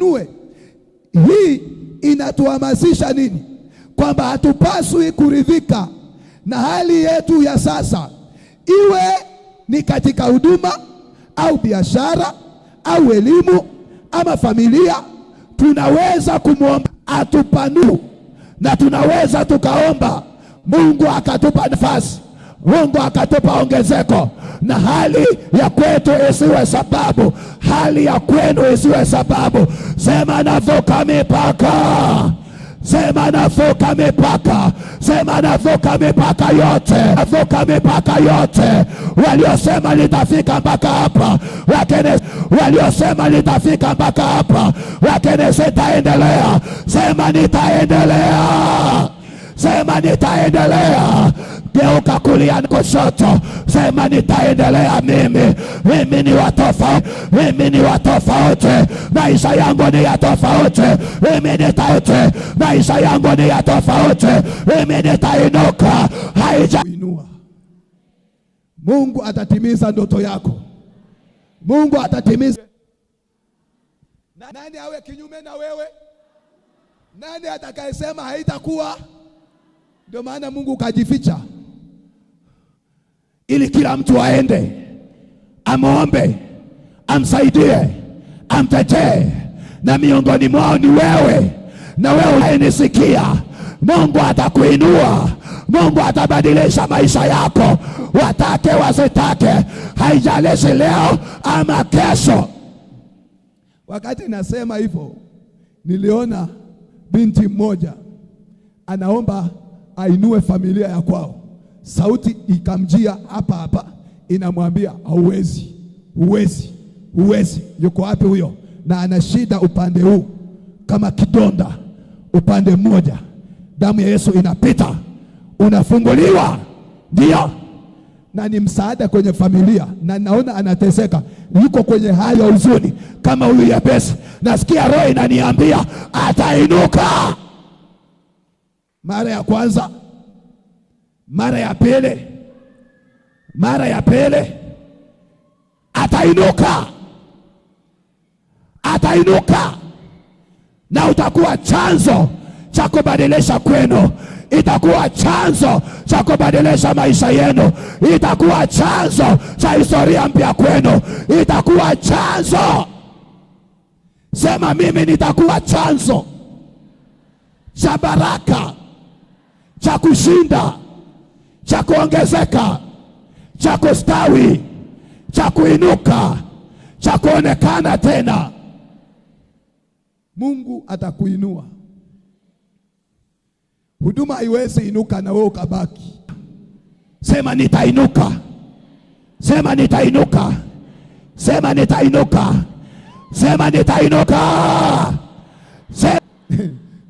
tuinue. Hii inatuhamasisha nini? Kwamba hatupaswi kuridhika na hali yetu ya sasa, iwe ni katika huduma au biashara au elimu ama familia. Tunaweza kumwomba atupanue na tunaweza tukaomba Mungu akatupa nafasi Mungu akatupa ongezeko, na hali ya kwetu isiwe sababu, hali ya kwenu isiwe sababu. Sema navuka mipaka, sema navuka mipaka, sema navuka mipaka yote, navuka mipaka yote. Waliosema litafika mpaka hapa, lakini waliosema litafika mpaka hapa, lakini sitaendelea. Sema nitaendelea, sema nitaendelea Geuka kulia na kushoto, sema nitaendelea mimi. Mimi ni wa tofauti, mimi ni wa tofauti, maisha yangu ni ya tofauti. Mimi ni tofauti, maisha yangu ni ya tofauti. Mimi nitainuka, haijainua. Mungu atatimiza ndoto yako, Mungu atatimiza. Nani awe kinyume na wewe? Nani atakayesema haitakuwa? Ndio maana Mungu kajificha kila mtu aende amwombe, amsaidie, amtetee, na miongoni mwao ni wewe, na wewe unayenisikia, Mungu atakuinua. Mungu atabadilisha maisha yako, watake wasitake, haijalishi leo ama kesho. Wakati nasema hivyo, niliona binti mmoja anaomba ainue familia ya kwao sauti ikamjia hapa hapa, inamwambia hauwezi, huwezi, huwezi. Yuko wapi huyo? Na ana shida upande huu kama kidonda upande mmoja, damu ya Yesu inapita, unafunguliwa. Ndio, na ni msaada kwenye familia, na naona anateseka, yuko kwenye hali ya huzuni kama huyu Yabesi. Nasikia roho inaniambia atainuka mara ya kwanza mara ya pele, mara ya pele atainuka, atainuka na utakuwa chanzo cha kubadilisha kwenu, itakuwa chanzo cha kubadilisha maisha yenu, itakuwa chanzo cha historia mpya kwenu, itakuwa chanzo. Sema mimi nitakuwa chanzo cha baraka cha kushinda cha kuongezeka, cha kustawi, cha kuinuka, cha kuonekana tena. Mungu atakuinua. Huduma haiwezi inuka na wewe ukabaki. Sema nitainuka, sema nitainuka, sema nitainuka, sema nitainuka, sema